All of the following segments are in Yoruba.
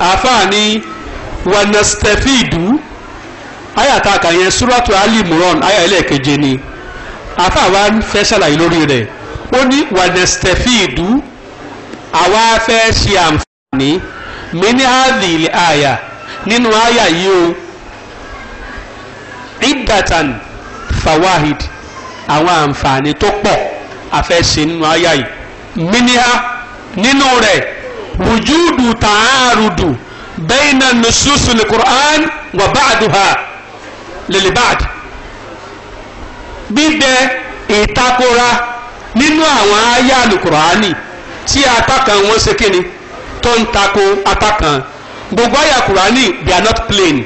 àáfàá ni wanastefidu ayàtà kàyẹn suratu ali muran ayà ẹlẹ́ẹ̀keje ni àáfàá wa fẹ́ ṣàlàyé lórí rẹ̀ ó ní wanastefidu àwa fẹ́ ṣe àǹfààní mini hadhihi àyà nínú àyà yìí o iddatan fawahid àwọn àǹfààní tó pọ̀ a fẹ́ ṣe nínú àyà yìí miniha nínú rẹ̀ wujudu taarudu bayna nususu l-Qur'an wa ba'duha lil ba'd bíbẹ ìtakora nínú àwọn àyà alukurani tí atakan wọn ṣe kíni tó ń tako gbogbo àyà kurani they are not plain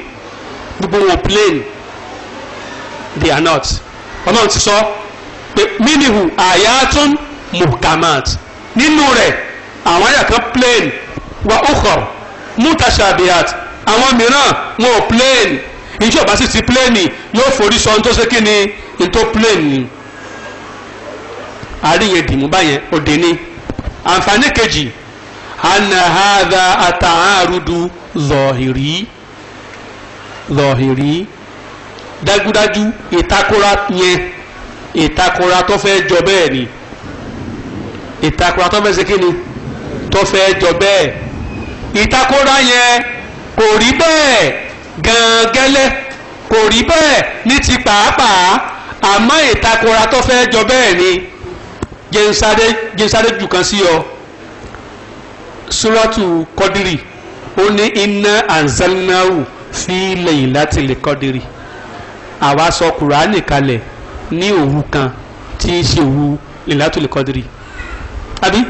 gbogbo wọn plain they are not ọlọ́run ti sọ pé minihu ayatun muhkamat nínú rẹ̀ àwọn àyà kan wa ukhor mutashabihat àwọn mìíràn wọn ò plain ìjọ bá sì ti plain yóò forí sọ tó kí ni ètò plain ni àríyìn dìmú báyẹn òde ni àǹfààní kejì anna hadha ata'arudu zọ̀hìrí zọ̀hìrí dájúdájú ìtakora yẹn ìtakora tó fẹ́ jọ bẹ́ẹ̀ ni ìtakora tó fẹ́ ṣe kí ni tó fẹ́ jọ bẹ́ẹ̀ ìtakora yẹn kò rí bẹ́ẹ̀ gàngẹ́lẹ́ kò rí bẹ́ẹ̀ ní ti pàápàá àmọ́ ìtakora tó fẹ́ jọ bẹ́ẹ̀ ni jẹ́nsáré jẹ́nsáré jù kan sí ọ suratu kọ́dírì ó ní inna anzalnahu fi laylatil kọ́dírì àwa sọ kùránì kalẹ̀ ní òru kan tí í ṣe òru laylatil kọ́dírì àbí.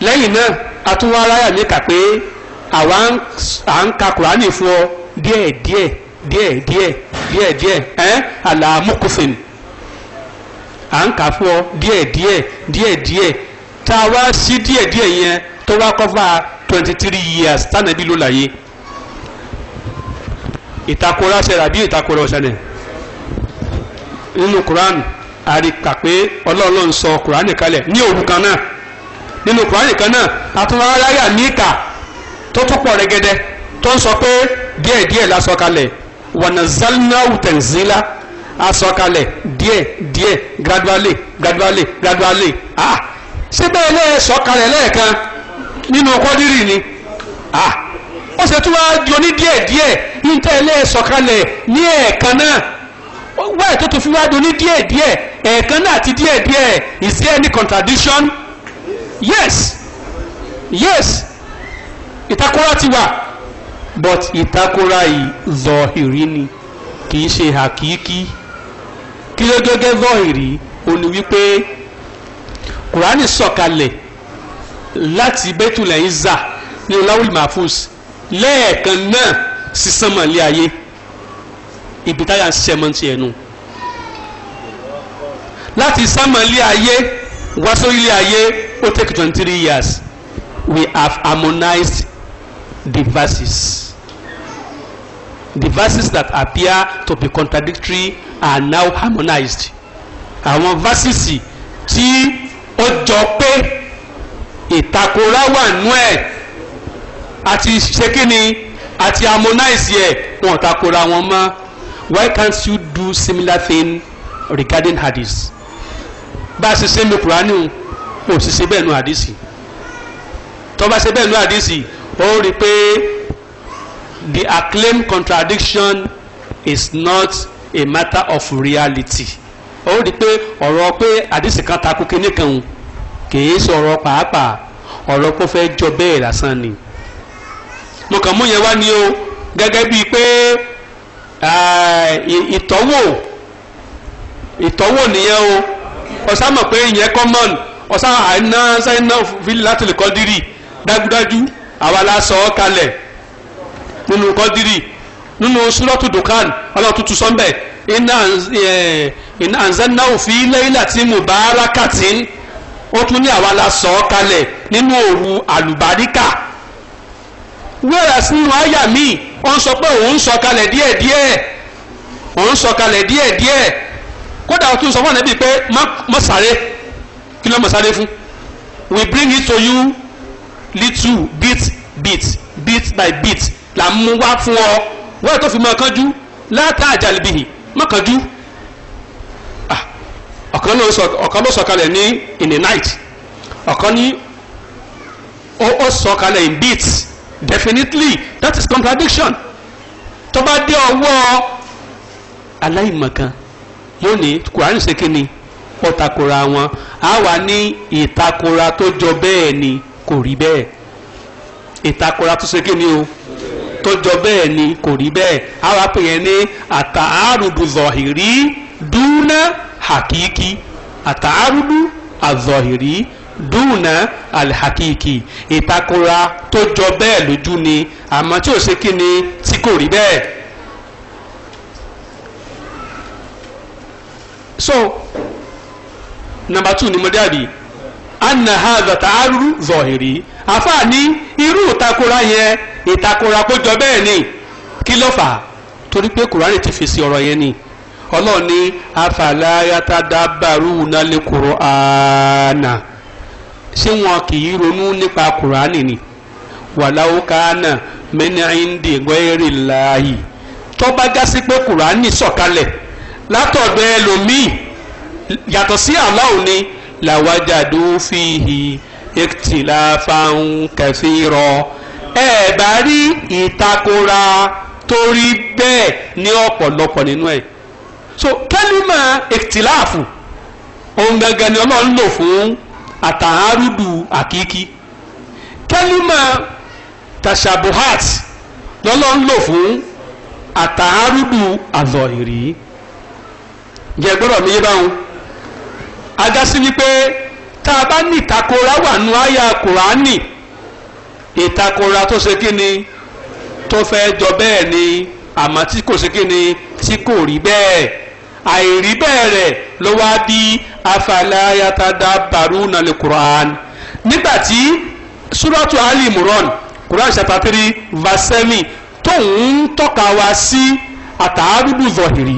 lẹ́yìn náà a tún wá aráyà pé àwa à ń ka kùránì fún ọ díẹ̀ díẹ̀ díẹ̀ díẹ̀ díẹ̀ díẹ̀ ẹ́ àlàmúkúfin à ń kà fún ọ díẹ̀ díẹ̀ díẹ̀ díẹ̀ tá a wá sí díẹ̀ díẹ̀ yẹn tó wá kọ́fà twenty three years tánàbí ló láyé ìtakora ṣẹlẹ̀ àbí ìtakora nínú àríkà pé sọ kalẹ̀ ní kan náà. nínú kùránì kan náà àtúnwá aráyà níkà tó tún pọ̀ rẹ́gẹ́dẹ́ tó ń sọ pé díẹ̀díẹ̀ la sọ kalẹ̀ wanazzalnahu tanzila a sọ kalẹ̀ díẹ̀díẹ̀ gradually gradually gradually ah ṣé bẹ́ẹ̀ lẹ́ẹ̀ sọ kalẹ̀ lẹ́ẹ̀kan nínú kọ́dírì ni ah ó ṣe tún wáá di oní díẹ̀díẹ̀ níta ẹlẹ́ẹ̀ sọ kalẹ̀ ní ẹ̀ẹ̀kan náà wáyé tó tún fi wáá di oní díẹ̀díẹ̀ ẹ̀ẹ̀kan náà àti díẹ̀díẹ̀ is there any contradiction? yes yes ìtakora ti wà but ìtakora yìí zọ̀hìrì ni kì í ṣe hakiki kí ló gẹ́gẹ́ zọ̀hìrì ó ní wípé kùránì sọ̀kalẹ̀ láti bẹ́tùlẹ̀ ìzà ní ọláwùlì mahfuz lẹ́ẹ̀kan náà sísan mọ̀lẹ́ ayé ibi táyà ń ṣiṣẹ́ mọ́tì ẹnu láti sánmọ̀lẹ́ ayé wá sórílẹ̀ ayé will take 23 years we have harmonized the verses the verses that appear to be contradictory are now harmonized àwọn verses tí ó jọ pé ìtakora wà nú ẹ̀ àti ṣe àti harmonize ẹ̀ wọn takora wọn mọ́ why can't you do similar thing regarding hadith bá a ṣe ṣe ń lo kò sì ṣe bẹ́ẹ̀ nu àdìsí tó bá ṣe bẹ́ẹ̀ nu àdìsí ó rí i pé the acclaimed contradiction is not a matter of reality ó rí i pé ọ̀rọ̀ pé àdìsí kan takú kinní kan kìí sọ̀rọ̀ pàápàá ọ̀rọ̀ kó fẹ́ jọ bẹ́ẹ̀ lásán ni mo kàn mú yẹn wá ní o gẹ́gẹ́ bíi pé eh, ìtọ́wò ìtọ́wò nìyẹn o ọ̀sán mọ̀ pé ìyẹn common ọ̀sán àìná sẹ́yìnà filatil kọ́dírì dájúdájú àwa la sọ ọ́ kalẹ̀ nínú kọ́dírì nínú súrọ́tù dùkán ọlọ́tútù sọ́ńbẹ̀ iná àǹzẹ́nà òfin lẹ́yìnlá tí mubarakatin ó tún ní àwa la sọ ọ́ kalẹ̀ nínú òru àlùbáríkà wíwẹ̀rẹ̀ sínú àyà míì ó ń sọ pé òun ń sọ kalẹ̀ díẹ̀díẹ̀ òun ń sọ kalẹ̀ díẹ̀díẹ̀ kódà ó tún sọ fún ànábì pé má sáré kí ló mọ̀ sáré fún we bring it to you little bit bit bit by bit là ń mú wá fún ọ wọ́n tó fi mọ kánjú látàjà lìbìhì mọ kánjú ah, ọ̀kan ló sọ̀kalẹ̀ ní in the night ọ̀kan ní ó sọ̀kalẹ̀ in bits definitely that is contradiction tó bá dé ọwọ́ aláìmọ̀kan yóò ní kùránì ṣe kí ni pọ̀ wọn a wà ní ìtakora tó jọ bẹ́ẹ̀ ni kò rí bẹ́ẹ̀ ìtakora tó ṣe kí o tó jọ bẹ́ẹ̀ ni kò rí bẹ́ẹ̀ a wà pè yẹn ní àtàárùdù zọ̀hìrí dúnà hakiki àtàárùdù àzọ̀hìrí dúnà alhakiki ìtakora tó jọ bẹ́ẹ̀ lójú ni àmọ́ tí ò ṣe kí tí kò rí bẹ́ẹ̀. so nàmbà tù ní mọ́dàbí anna hadha ta'aruru zọ̀hìrì àfáà ní irú ìtakora yẹn ìtakora kó jọ bẹ́ẹ̀ ni kí ló fà á torí pé kùránì ti fèsì ọ̀rọ̀ yẹn ni ọlọ́run ní afàlàyàtà dábàrú nálẹ̀ kùránà ṣé wọn kì í ronú nípa kùránì ni wàláwó kánà mẹ́ni àìndì gbẹ́rì láàyè tó bá já sí pé sọ̀kalẹ̀ látọ̀dọ̀ ẹlòmíì yàtọ̀ sí Allah ni làwájàdó fìhì ìtìláfàún kẹfìrọ ẹ bá rí ìtakora torí bẹ́ẹ̀ ní ọ̀pọ̀lọpọ̀ nínú ẹ̀ so kẹ́límà ìtìláàfù ohun gangan ni ọlọ́run lò fún àtàárùdù àkíkí kẹ́límà tashabuhat lọ́lọ́run lò fún àtàárùdù àzọ̀ìrí jẹ́ gbọ́dọ̀ mi yé báwọn agasi wípé tá a bá ní ìtakora wà nù àyà kùránì ìtakora tó ṣe kí ni tó fẹ́ jọ bẹ́ẹ̀ ni àmọ́ tí kò ṣe kí ni tí kò rí bẹ́ẹ̀ àìrí bẹ́ẹ̀ rẹ̀ ló wá bí afalayatadá baru nàlẹ́ kùránì nígbà tí suratu ali imran kùránì chapter three verse seven tóun ń tọ́ka wá sí àtàárùbù zọ̀hìrì.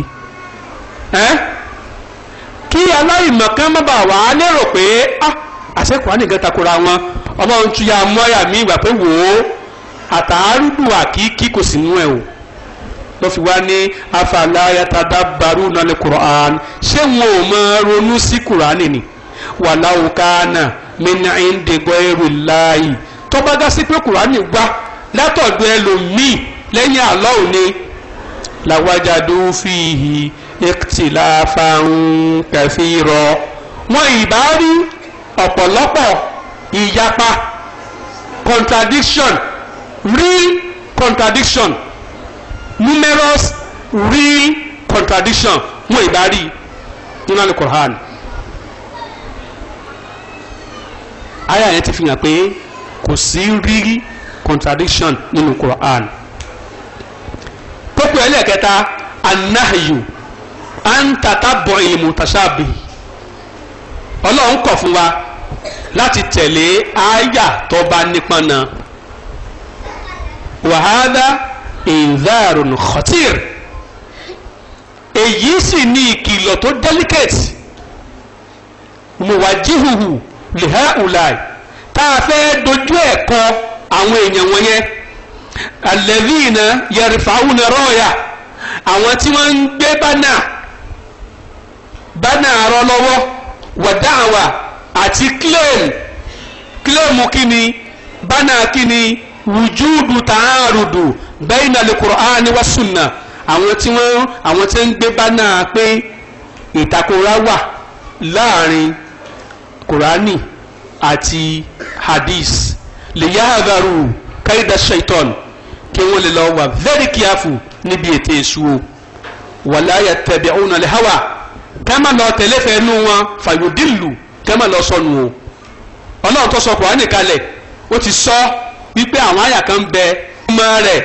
Eh? kí aláìmọ̀kan má bàa wà lérò pé ah, àṣẹ Kùránì gan takora wọn ọlọ́run tún yà mọ́ mi ìgbà pé wò ó àtàárùdù àkíkí kò sí nú ẹ̀ o fi wá ní afàlàyàtàdàbàrúnà lè Kùránì ṣé wọn ò mọ ronú sí Kùránì ni wàláwù kánà mẹ́nà ìndẹ̀gbọ́ ẹrù láàyè tọ́ba sí pé Kùránì látọ̀dọ̀ ẹlòmíì lẹ́yìn àlọ́ òní làwájà ikhtilafan kathira wọn ìbá rí ọ̀pọ̀lọpọ̀ ìyapa contradiction real contradiction numerous real contradiction wọn ìbá rí nínú alukur'an aya yẹn ti fi hàn pé kò sí real contradiction nínú alukur'an tó pè é àǹtàtà bọ̀ ìlìmù tàṣàbì ọlọ́run kọ̀ fún wa láti tẹ̀lé àyà tó bá nípọn náà wàhálà ìdárun khatir èyí sì ni ìkìlọ̀ tó delicate mùwàjíhùhù lìhá ùláì tá a fẹ́ dojú ẹ̀ kọ àwọn èèyàn wọ̀nyẹn alẹ́bí iná yẹrìfà áwùnà rọ́ọ̀yà àwọn tí wọ́n ń gbé bánà. bánà àrọ lọ́wọ́ àti claim claim kini bánà kini wùjúùdù tààrùdù bẹ́ẹ̀ lè Kùránì wá sùnà àwọn tí wọ́n àwọn tí ń gbé bánà pé ìtakora wà láàrin kùránì àti hadith lè yá àgàrù káyidà shaitan kí wọ́n lè lọ wà very careful níbi ètè tẹ́mà lọ tẹ̀lé fẹ́nu wọn fàyòdìlù tẹ́mà lọ sọnù o ọlọ́run tó sọ kùránì kalẹ̀ ó ti sọ wípé àwọn àyà kan bẹ ọmọ rẹ̀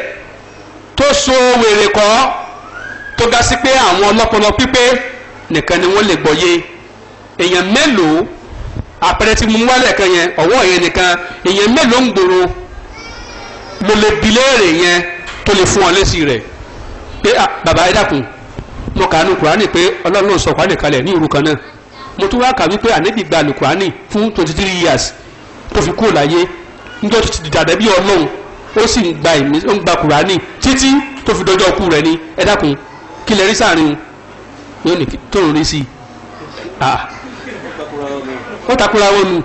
tó so wèrè kọ́ tó ga sí pé àwọn ọlọ́pọlọ pípé nìkan ni wọ́n lè gbọ́yé èèyàn mélòó àpẹẹrẹ tí mo mú wálẹ̀ kan yẹn ọ̀wọ́ yẹn nìkan èèyàn mélòó ń gbòòrò mo lè bi léèrè yẹn tó lè fún ọ lésì rẹ̀ pé bàbá ẹ dákun mo kà á nu kùránì pé ọlọ́run ló sọ kùránì kalẹ̀ ní òru kan náà mo tún wá kà wípé ànábì gba àlùkùránì fún twenty three years tó fi kúrò láyé níjọ́ tó ti dàdẹ́ bí ọlọ́run ó sì ń gba ìmí ó ń gba kùránì títí tó fi dọjọ́ ọkú rẹ ni ẹ dákun kí lè rí sáàrin yóò ní tó ń rí sí i wọ́n takura wọn nu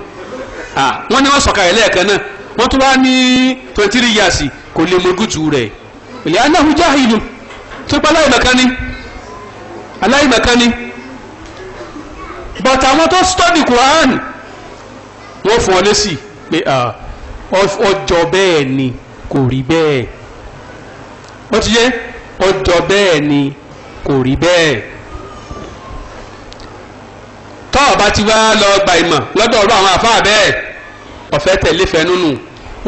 wọ́n ní wọ́n sọ̀kalẹ̀ lẹ́ẹ̀kan náà wọ́n tún wá ní twenty three years kò lè mọ gútù rẹ̀ ìlẹ̀ anáhùn jáhìlù tó pa láì mọ̀kan ni. aláìmọ̀kan ni but àwọn tó study Quran wọ́n fún ọ lésì pé ọjọ́ bẹ́ẹ̀ ni kò rí bẹ́ẹ̀ ó ti yé ọjọ́ bẹ́ẹ̀ ni kò rí bẹ́ẹ̀ tọ́ ọba ti wá lọ gba ìmọ̀ lọ́dọ̀ ọ̀rọ̀ àwọn àfáà bẹ́ẹ̀ ọ̀fẹ́ tẹ̀lé fẹ́núnù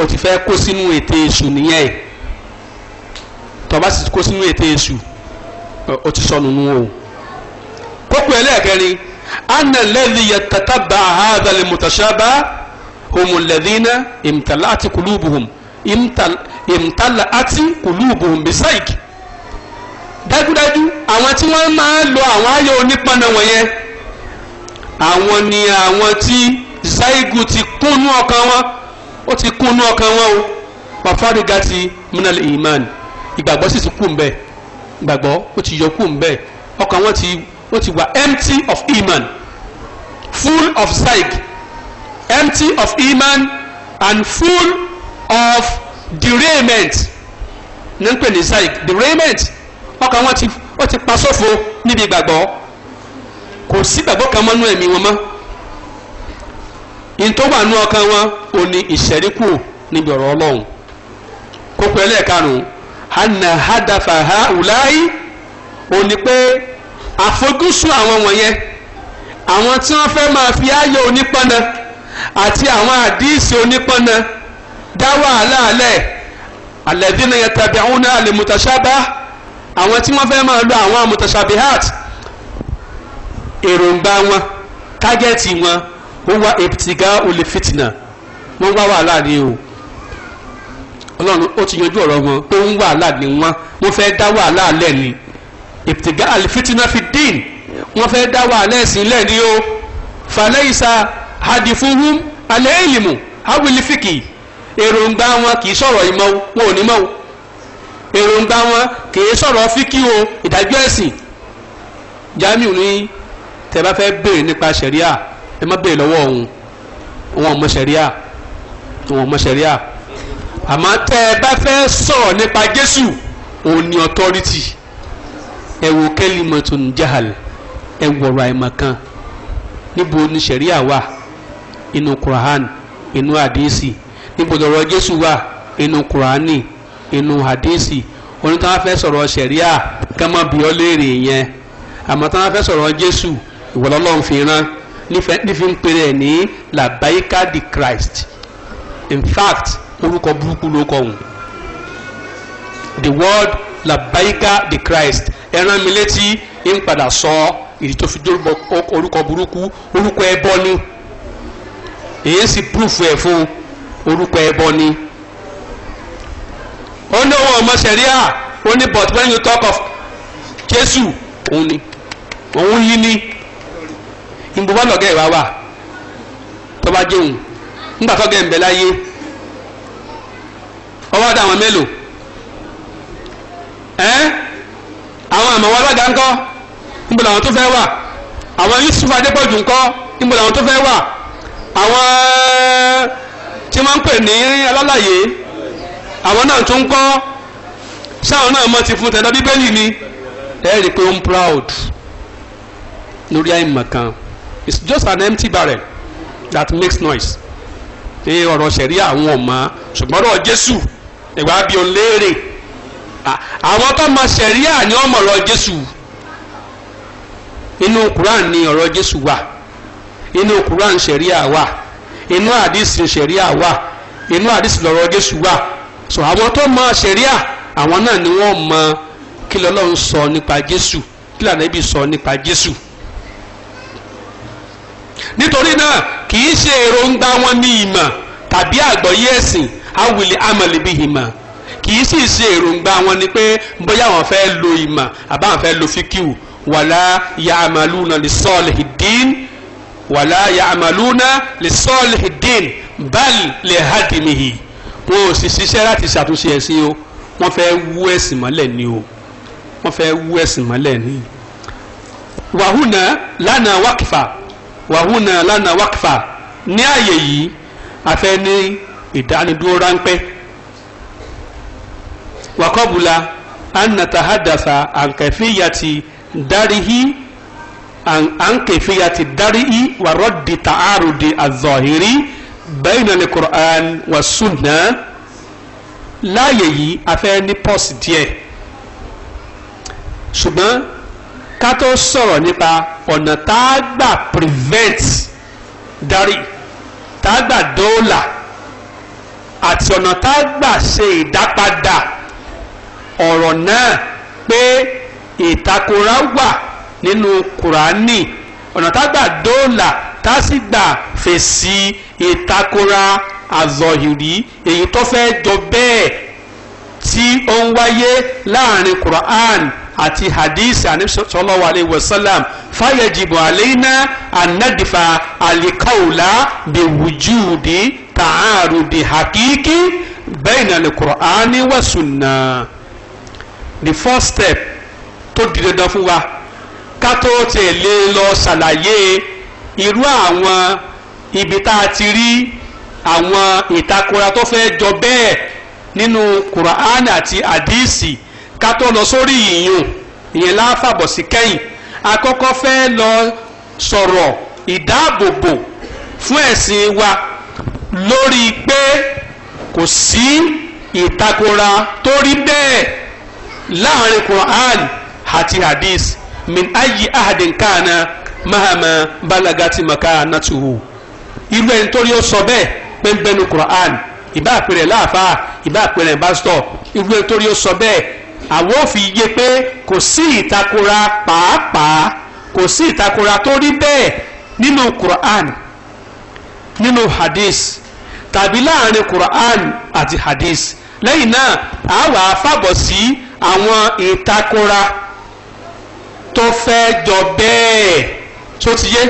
o ti fẹ́ kó sínú ète èṣù nìyẹn tọ́ba sì kó sínú ète èṣù o ti sọnù nù o kókó ẹlẹ́ẹ̀kẹrin anna lẹ́dí yẹ tata bá ahadali mutasaba homolẹ́dínà imtala ati kulubuhum imtala ati kulubuhum bisaik dájúdájú àwọn tí wọ́n máa ń lo àwọn ayé onípọnà wọ̀nyẹn àwọn ni àwọn tí zaigu ti kúnnú ọkàn wọn ó ti kúnnú ọkàn wọn o pàfàrígà ti minal iman ìgbàgbọ́ sì ti kú ń ìgbàgbọ́ ó ti yọ kú ń ọkàn wọn ti ó ti wà empty of iman full of zaig empty of iman and full of derailment ní ń pè ní zaig derailment ọkàn wọn ti ó ti pa sófo níbi ìgbàgbọ́ kò sí ìgbàgbọ́ kan mọ́nú ẹ̀mí wọn mọ́ ìyẹn tó wà nú ọkàn wọn ò ní ìṣẹ́ríkù níbi ọ̀rọ̀ ọlọ́run kókó ẹlẹ́ẹ̀karùn-ún anna hadafa ha ulai ó ní pé àfojúsùn àwọn wọ̀nyẹn àwọn tí wọ́n fẹ́ máa fi ayò onípọ́nà àti àwọn àdíìsì onípọ́nà dá wàhálà alẹ́ alladhina yattabi'una al-mutashabah àwọn tí wọ́n fẹ́ máa lo àwọn al-mutashabihat èròǹgbà wọn tágẹ́ẹ̀tì wọn wọ́n wá èbìtìgá olè fìtìnà wọ́n wá wàhálà ni o ọlọ́run ó ti yanjú ọ̀rọ̀ wọn pé ń wàhálà ni wọ́n wọ́n fẹ́ dá wàhálà alẹ́ ni ìpìtìgá àlìfitìnà fi dín wọ́n fẹ́ dá wàhálà ẹ̀sìn lẹ̀ ní o fàlẹ́yìísà hadifuhum alẹ́ ìlìmù awilifiki èròǹgbà wọn kì í sọ̀rọ̀ ìmọ̀ wọn ò ní mọ̀ èròǹgbà wọn kì í sọ̀rọ̀ fíkì o ìdájọ́ ẹ̀sìn jamiu ní tẹ́ fẹ́ béèrè nípa sẹ̀ríà ẹ má béèrè lọ́wọ́ òun òun ò mọ̀ sẹ̀ríà òun ò mọ̀ sẹ̀ríà àmọ́ tẹ́ bá fẹ́ sọ̀rọ̀ nípa jésù òun ní ọtọ́rítì ẹ wo kẹ́límọ̀tún jahal ẹ wọ̀rọ̀ àìmọ̀ kan níbo ni sẹ̀ríà wà inú Quran inú hadisi níbo lọ́rọ̀ Jésù wà inú Qurani inú hadisi onítàn fẹ́ sọ̀rọ̀ sẹ̀ríà kẹ́mọ́ bí ọ léèrè yẹn àmọ́ tán fẹ́ sọ̀rọ̀ Jésù ìwọlọ́lọ́run fi rán nífi ń pèrè ní labaika di Christ in fact orúkọ burúkú ló kọ̀ ọ̀hún the word labaika di Christ ẹran mi létí ń padà sọ èyí tó fi dórúkọ orúkọ burúkú orúkọ ẹbọ ni èyí sì púrúfù ẹ fún orúkọ ẹbọ ni ó ní òun ọmọ sẹríà ó ní but when you talk of jesu òun ni òun yí ni ìbúbá lọ́gẹ́ ìwà wà tó bá jẹun nígbà tó gẹ̀ ń bẹ láyé ọwọ́ dà mélòó àwọn àmọ̀wọ́ alága ńkọ́ níbo làwọn tó fẹ́ wà àwọn Yusuf Adépọ̀jù ńkọ́ níbo làwọn tó fẹ́ wà àwọn tí wọ́n ń pè ní alálàyé àwọn náà tún ńkọ́ sáwọn náà mọ̀ ti fún tẹ̀lé bíbélì ni ẹ rí i pé ó ń proud lórí àìmọ̀ kan it's just an empty barrel that makes noise ní ọ̀rọ̀ sẹ̀rí àwọn ọ̀ma ṣùgbọ́n ọ̀rọ̀ Jésù ìwà bí o léèrè. àwọn tó mọ sẹ̀ríà ni wọ́n mọ ọrọ jésù inú quran ni ọrọ jésù wà inú quran sẹ̀ríà wà inú àdìsí sẹ̀ríà wà inú àdìsí lọ̀rọ̀ jésù wà so àwọn tó mọ sẹ̀ríà àwọn náà ni wọ́n mọ kí lọ́lọ́run sọ nípa jésù kí lànàbí sọ nípa jésù nítorí náà kì í ṣe èròǹgbà wọn ní ìmọ̀ tàbí àgbọ́yé ẹ̀sìn awìlì amọ̀lẹ́bí ìmọ̀ kì í sì ṣe èròǹgbà wọn ni pé bóyá wọn fẹ́ lo ìmọ̀ àbáwọn fẹ́ lo fíkìwù wàlá ya'maluna li salihi din wàlá ya'maluna li salihi din bal li hadimihi wọn ò sì ṣiṣẹ́ láti ṣàtúnṣe ẹ̀sìn o wọ́n fẹ́ wú ẹ̀sìn mọ́lẹ̀ ni o wọ́n fẹ́ wú ẹ̀sìn mọ́lẹ̀ ni. wàhùnà lánàá wákìfà wàhùnà lánàá wákìfà ní àyè yìí a ní ìdánidúró ráńpẹ́ wakọbula anatahadasa ankefiyati darihi ankefiyati darihi warọdi taarudi azọhiri bẹyìnà ní Qur'an wa sunna láàyè yìí afẹ́ ní pọ́s díẹ̀ ṣùgbọ́n ká tó sọ̀rọ̀ nípa ọ̀nà tá a gbà prevent dari tá a gbà dóòlà àti ọ̀nà tá a gbà ṣe ìdápadà ọ̀rọ̀ náà pé ìtakora wà nínú kùránì ọ̀nà tágbà dóòlà tá sì gbà fèsì ìtakora àzọ̀hìrí èyí tó fẹ́ jọ bẹ́ẹ̀ tí ó ń wáyé láàrin quran àti hadith anisallahu alayhi wa sallam fayajibu alayna anadifa alikawla biwujudi ta'arudi hakiki bayna alqur'ani wa sunnah the first step tó di dandan fún wa ká tó tiẹ̀ lè lọ ṣàlàyé irú àwọn ibi tá a ti rí àwọn ìtakora tó fẹ́ jọ bẹ́ẹ̀ nínú Quran àti hadisi ká tó lọ sórí ìyún ìyẹn láfàbọ̀ sí kẹ́yìn àkọ́kọ́ fẹ́ lọ sọ̀rọ̀ ìdáàbòbò fún ẹ̀sìn wa lórí pé kò sí ìtakora tó rí bẹ́ẹ̀ láàrin Qur'an àti hadith min ayi ahadin kana mahama balagati makanatuhu irú ẹni tó rí ó sọ bẹ́ẹ̀ pẹ́ńpẹ́nu Qur'an ìbá àpẹẹrẹ láàfáà ìbá àpẹẹrẹ pásítọ̀ irú ẹni tó rí ó sọ bẹ́ẹ̀ àwọn ò fi yé pé kò sí ìtakora pàápàá kò sí ìtakora tó rí bẹ́ẹ̀ nínú Qur'an nínú hadith tàbí láàrin Qur'an àti hadith lẹ́yìn náà àá fàbọ̀ sí. Si, àwọn ìtakora tó fẹ́ jọ bẹ́ẹ̀ tó ti yé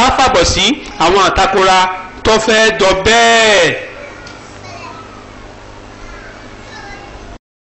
á fàbọ̀ sí àwọn ìtakora tó fẹ́ jọ bẹ́ẹ̀.